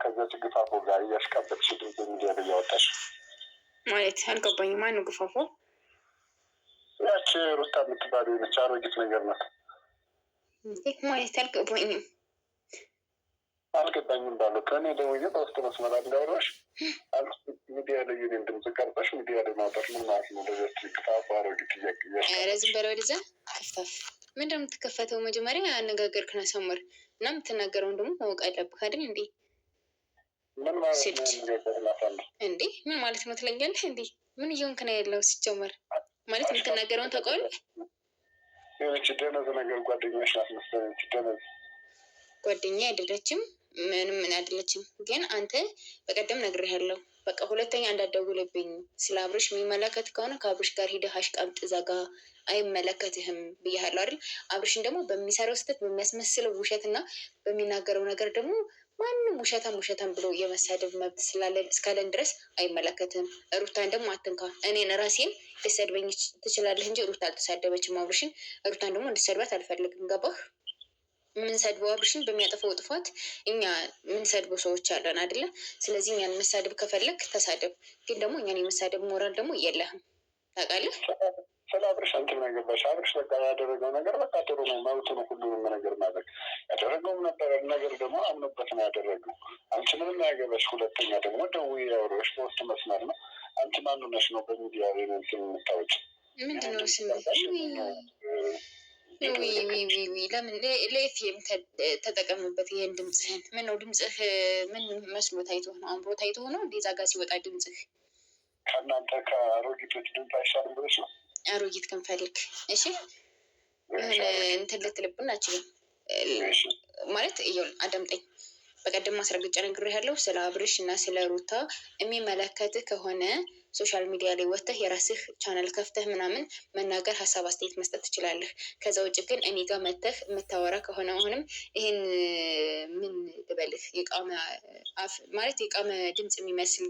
ከዛ ግፋፎ ጋር እያሽቃበጥሽ ድምፅ ሚዲያ ላይ እያወጣሽ ማለት አልገባኝም። ማነው ግፋፎ? ያች ሩታ የምትባል የሆነች አሮጊት ነገር ናት ማለት አልገባኝም። አልገባኝም ባለው ከእኔ ደግሞ በውስጥ መስመር እንዳወራሽ ሚዲያ ላይ የእኔን ድምፅ ቀርጠሽ ሚዲያ ላይ ማውጣት ምን ማለት ነው? ለዚያች ግፋፎ አሮጊት እያቅ ዝም በለው ክፍታፍ ምንድን የምትከፈተው? መጀመሪያ አነጋገርክን አሳምር እና የምትናገረውን ደግሞ ማወቅ አለብህ አይደል እንዴ? እንዴ ምን ማለት ነው ትለኛለህ እንዴ? ምን እየሆንክ ነው ያለው? ሲጀመር ማለት የምትናገረውን ታውቀዋለህ። ሆነች ደነዝ ነገር ጓደኛሽ ናት መሰለኝ። ደነዝ ጓደኛ አይደለችም፣ ምንም ምን አይደለችም። ግን አንተ በቀደም ነግሬሃለሁ በቃ ሁለተኛ እንዳደውልብኝ ስለ አብርሽ የሚመለከት ከሆነ ከአብርሽ ጋር ሂደህ አሽቃምጥ ዘጋ፣ አይመለከትህም ብያለሁ አይደል? አብርሽን ደግሞ በሚሰራው ስህተት በሚያስመስለው ውሸት እና በሚናገረው ነገር ደግሞ ማንም ውሸታም ውሸታም ብሎ የመሳደብ መብት እስካለን ድረስ አይመለከትም። ሩታን ደግሞ አትንካ። እኔን ራሴን ልትሰድበኝ ትችላለህ እንጂ ሩታ አልተሳደበችም አብርሽን። ሩታን ደግሞ እንድትሰድባት አልፈልግም። ገባህ? የምንሰድበው አብርሽን በሚያጠፋው ጥፋት እኛ የምንሰድበው ሰዎች አለን አይደለ? ስለዚህ እኛን መሳደብ ከፈለግ ተሳደብ፣ ግን ደግሞ እኛን የመሳደብ ሞራል ደግሞ የለህም። ታውቃለህ? ስለ አብርሽ አንትም ነገር በሽ አብርሽ በቃ ያደረገው ነገር በቃ ጥሩ ነው፣ መብቱ ነው ሁሉንም ነገር ማድረግ። ያደረገውም ነበረ ነገር ደግሞ አምኖበት ነው ያደረገው። አንቺ ምንም ያገበሽ። ሁለተኛ ደግሞ ደዊ ያወራሁሽ በውስጥ መስመር ነው። አንቺ ማንነሽ ነው በሚዲያ ቤንንት የምታወጭ ምንድነው ስም ለምን ለኤፍኤም ተጠቀምበት ይሄን ድምፅህን። ምን ነው ድምፅህ ምን መስሎ ታይቶ ነው? አምሮ ታይቶ ነው እንዴ? እዛ ጋ ሲወጣ ድምፅህ ከእናንተ ከአሮጊቶች ድምፅ አይሻልም ብለሽ ነው? አሮጊት ከንፈልክ እሺ፣ ሆነ እንትን ልትልብን አችልም ማለት ይኸውልህ፣ አዳምጠኝ። በቀደም ማስረግጫ ነግሬሃለሁ ስለ አብርሽ እና ስለ ሩታ የሚመለከትህ ከሆነ ሶሻል ሚዲያ ላይ ወጥተህ የራስህ ቻናል ከፍተህ ምናምን መናገር፣ ሀሳብ አስተያየት መስጠት ትችላለህ። ከዛ ውጭ ግን እኔ ጋር መጥተህ የምታወራ ከሆነ አሁንም ይሄን ምን ልበልህ የቃመ አፍ ማለት የቃመ ድምፅ የሚመስል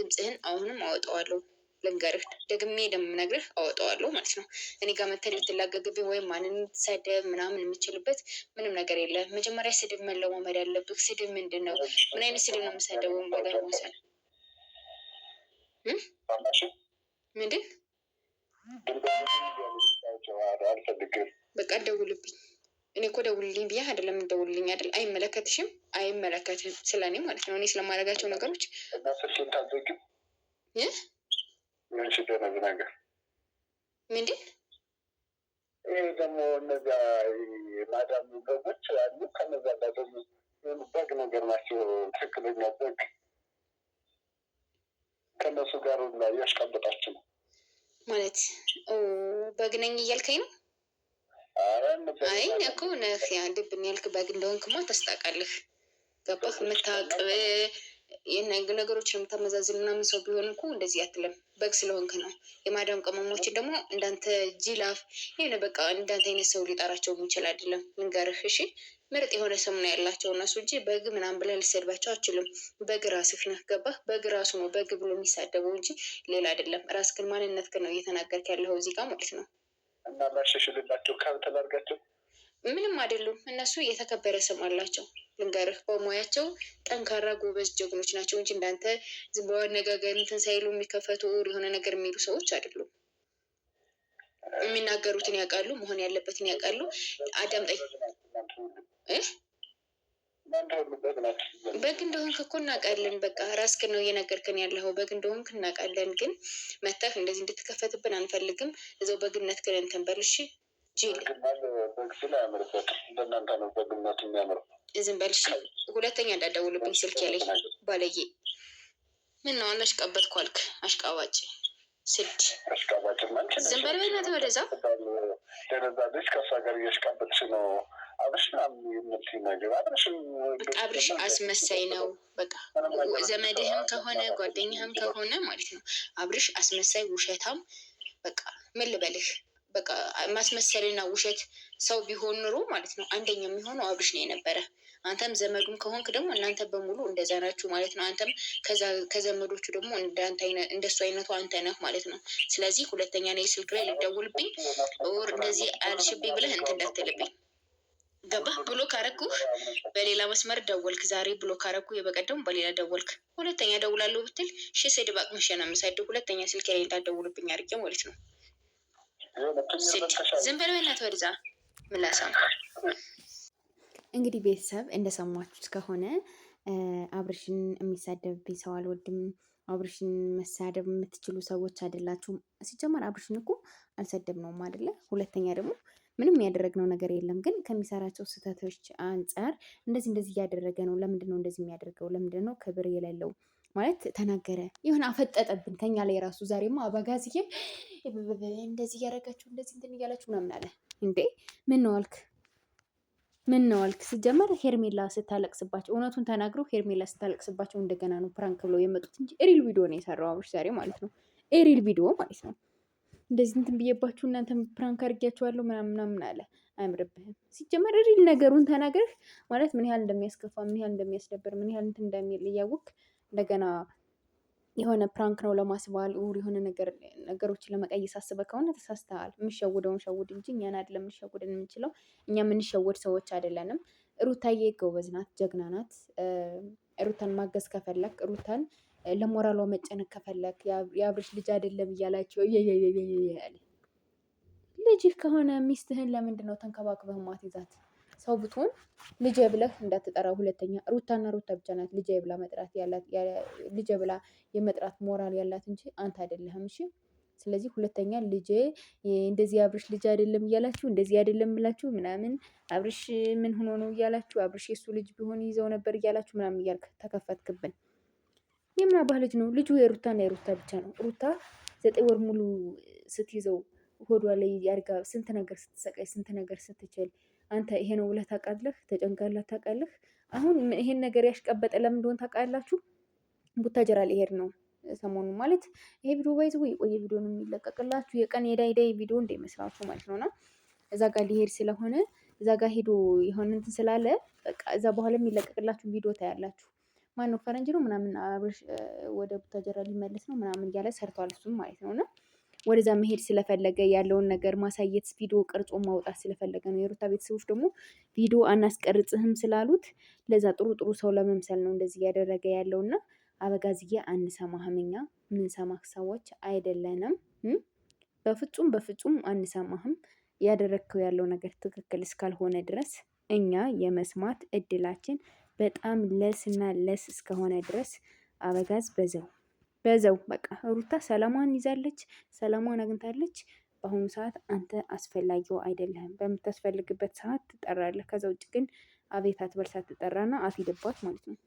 ድምፅህን አሁንም አወጣዋለሁ ልንገርህ ደግሜ እንደምነግርህ አወጣዋለሁ ማለት ነው። እኔ ጋር መተን የምትላገግብኝ ወይም ማንን ሰደብ ምናምን የምችልበት ምንም ነገር የለም። መጀመሪያ ስድብ መለማመድ ያለብህ። ስድብ ምንድን ነው? ምን አይነት ስድብ ነው የምሰደበው? ወደ ምንድን በቃ ደውልብኝ። እኔ እኮ ደውልልኝ ብዬ አይደለም ደውልልኝ አይደል? አይመለከትሽም፣ አይመለከትም ስለ እኔ ማለት ነው። እኔ ስለማደርጋቸው ነገሮች ምንድን ይህ ደግሞ እነዚያ ማዳም በጎች አሉ። ከነዛ ጋር ደግሞ በግ ነገር ናቸው፣ ትክክለኛ በግ እያስቀበጣችሁ ነው ማለት በግነኝ እያልከኝ ነው? አይ እኮ ነህ ልብ ያልክ በግ እንደሆንክማ ተስጣቃለህ። ገባህ? የምታውቅ ነገሮችን የምታመዛዝን ምናምን ሰው ቢሆን እኮ እንደዚህ አትልም። በግ ስለሆንክ ነው። የማዳም ቅመሞችን ደግሞ እንዳንተ ጅላፍ የሆነ በቃ እንዳንተ አይነት ሰው ሊጠራቸው የሚችል አይደለም። ልንገርህ እሺ ምርጥ የሆነ ስም ነው ያላቸው እነሱ እንጂ በግ ምናምን ብለህ ልሰድባቸው አችልም። በግ ራስህ ነህ ገባህ? በግ ራሱ ነው በግ ብሎ የሚሳደበው እንጂ ሌላ አይደለም። ራስ ግን ማንነት ግን ነው እየተናገርክ ያለው እዚህ ጋር ማለት ነው። እና ላሸሽልላቸው ከብት ላድርጋቸው ምንም አይደሉም። እነሱ የተከበረ ስም አላቸው። ልንገርህ በሙያቸው ጠንካራ ጎበዝ ጀግኖች ናቸው እንጂ እንዳንተ በአነጋገር እንትን ሳይሉ የሚከፈቱ የሆነ ነገር የሚሉ ሰዎች አይደሉም። የሚናገሩትን ያውቃሉ፣ መሆን ያለበትን ያውቃሉ። አዳምጠኝ በግ እንደሆንክ እኮ እናውቃለን። በቃ ራስህን ነው እየነገርከን ያለው። በግ እንደሆንክ እናውቃለን፣ ግን መተህ እንደዚህ እንድትከፈትብን አንፈልግም። እዛው በግነት ግን እንትን በል እሺ። ዝም በል እሺ። ሁለተኛ እንዳደውልብኝ ስልክ ያለኝ ባለዬ። ምን ነው አሽቃበጥኩ አልክ? አሽቃዋጭ ስድ ዝም በል በእናትህ ወደዛ ደረዛ ልጅ ከእሷ ጋር እያሽቃበጥሽ ነው አብርሽን የምት ነገር አብርሽ አብርሽ አስመሳይ ነው። በቃ ዘመድህም ከሆነ ጓደኛህም ከሆነ ማለት ነው አብርሽ አስመሳይ ውሸታም። በቃ ምን ልበልህ፣ በቃ ማስመሰልና ውሸት ሰው ቢሆን ኑሮ ማለት ነው አንደኛ የሚሆነው አብርሽ ነው የነበረ አንተም ዘመዱም ከሆንክ ደግሞ እናንተ በሙሉ እንደዛ ናችሁ ማለት ነው። አንተም ከዘመዶቹ ደግሞ እንደሱ አይነቱ አንተ ነህ ማለት ነው። ስለዚህ ሁለተኛ ነው የስልክ ላይ ልደውልብኝ ር እንደዚህ አልሽብኝ ብለህ እንትን እንዳትልብኝ ገባህ? ብሎክ አረኩህ፣ በሌላ መስመር ደወልክ። ዛሬ ብሎክ አረኩ፣ የበቀደሙ በሌላ ደወልክ። ሁለተኛ ደውላለሁ ብትል ሺ ስድብ አቅምሼ ነው የምሰድብ። ሁለተኛ ስልክ ላይ እንዳትደውልብኝ አድርጌ ማለት ነው። ዝም በል በእናትህ ወደዛ ምላሳ እንግዲህ ቤተሰብ እንደሰማችሁት ከሆነ አብርሽን የሚሳደብብኝ ሰው አልወድም። አብርሽን መሳደብ የምትችሉ ሰዎች አይደላችሁም። ሲጀመር አብርሽን እኮ አልሰደብነውም አይደለ? ሁለተኛ ደግሞ ምንም ያደረግነው ነገር የለም። ግን ከሚሰራቸው ስህተቶች አንጻር እንደዚህ እንደዚህ እያደረገ ነው። ለምንድን ነው እንደዚህ የሚያደርገው? ለምንድን ነው ክብር የሌለው ማለት ተናገረ፣ ይሁን አፈጠጠብን ከኛ ላይ ራሱ። ማ አበጋዝዬ እንደዚህ እያደረጋችሁ እንደዚህ እንትን እያላችሁ ምናምን አለ እንዴ! ምን ነው አልክ? ምን ነው አልክ? ሲጀመር ሄርሜላ ስታለቅስባቸው እውነቱን ተናግረው ሄርሜላ ስታለቅስባቸው እንደገና ነው ፕራንክ ብለው የመጡት እንጂ ኤሪል ቪዲዮ ነው የሰራው አብርሽ ዛሬ ማለት ነው። ኤሪል ቪዲዮ ማለት ነው። እንደዚህ እንትን ብዬባችሁ እናንተ ፕራንክ አድርጊያችኋለሁ ምናምን ምናምን አለ። አያምርብህም። ሲጀመር ኤሪል ነገሩን ተናግረህ ማለት ምን ያህል እንደሚያስከፋ ምን ያህል እንደሚያስደብር ምን ያህል እንትን እንደሚል እያወቅህ እንደገና የሆነ ፕራንክ ነው ለማስባል ር የሆነ ነገር ነገሮችን ለመቀየስ አስበህ ከሆነ ተሳስተሃል። የምሸውደውን ሸውድ እንጂ እኛን አይደለም ልንሸውድን የምንችለው። እኛ የምንሸወድ ሰዎች አይደለንም። ሩታዬ ጎበዝ ናት፣ ጀግና ናት። ሩታን ማገዝ ከፈለክ፣ ሩታን ለሞራሏ መጨነቅ ከፈለክ የአብርሽ ልጅ አይደለም እያላቸው ልጅህ ከሆነ ሚስትህን ለምንድን ነው ተንከባክበህ ማትይዛት? ሰው ብትሆን ልጄ ብለህ እንዳትጠራው። ሁለተኛ ሩታና ሩታ ብቻ ናት ልጄ ብላ መጥራት ያላት ልጄ ብላ የመጥራት ሞራል ያላት እንጂ አንተ አይደለህም። እሺ ስለዚህ ሁለተኛ ልጄ እንደዚህ አብርሽ ልጅ አይደለም እያላችሁ እንደዚህ አይደለም ብላችሁ ምናምን አብርሽ ምን ሆኖ ነው እያላችሁ አብርሽ የሱ ልጅ ቢሆን ይዘው ነበር እያላችሁ ምናምን እያልክ ተከፈትክብን። የምን አባህ ልጅ ነው ልጁ? የሩታና የሩታ ብቻ ነው። ሩታ ዘጠኝ ወር ሙሉ ስትይዘው ሆዷ ላይ ያድጋ ስንት ነገር ስትሰቃይ ስንት ነገር ስትችል አንተ ይሄ ነው ብለህ ታውቃለህ? ተጨንቀላት ታውቃለህ? አሁን ይሄን ነገር ያሽቀበጠ ለምን እንደሆነ ታውቃላችሁ? ቡታጀራ ሊሄድ ነው ሰሞኑን ማለት ይሄ ቪዲዮ ባይዝ ወይ ቆየ ቪዲዮ ነው የሚለቀቅላችሁ የቀን የዳይዳይ ዳይ ቪዲዮ እንዳይመስላችሁ ማለት ነውና እዛ ጋር ሊሄድ ስለሆነ እዛ ጋር ሄዶ የሆነ እንትን ስላለ በቃ እዛ በኋላ የሚለቀቅላችሁ ቪዲዮ ታያላችሁ። ማን ነው ፈረንጅ ነው ምናምን አብርሽ ወደ ቡታጀራ ሊመለስ ነው ምናምን እያለ ሰርተዋል እሱም ማለት ነውና ወደዛ መሄድ ስለፈለገ ያለውን ነገር ማሳየት ቪዲዮ ቅርጾ ማውጣት ስለፈለገ ነው። የሩታ ቤተሰቦች ደግሞ ቪዲዮ አናስቀርጽህም ስላሉት ለዛ ጥሩ ጥሩ ሰው ለመምሰል ነው እንደዚህ እያደረገ ያለውና አበጋዝዬ አንሰማህም፣ እኛ ምንሰማህ ሰዎች አይደለንም። በፍጹም በፍጹም አንሰማህም። ያደረግከው ያለው ነገር ትክክል እስካልሆነ ድረስ እኛ የመስማት እድላችን በጣም ለስና ለስ እስከሆነ ድረስ አበጋዝ በዘው በዛው በቃ ሩታ ሰላሟን ይዛለች፣ ሰላሟን አግኝታለች። በአሁኑ ሰዓት አንተ አስፈላጊው አይደለም በምታስፈልግበት ሰዓት ትጠራለህ። ከዛ ውጭ ግን አቤት አትበል ሳትጠራና አትሂድባት ማለት ነው።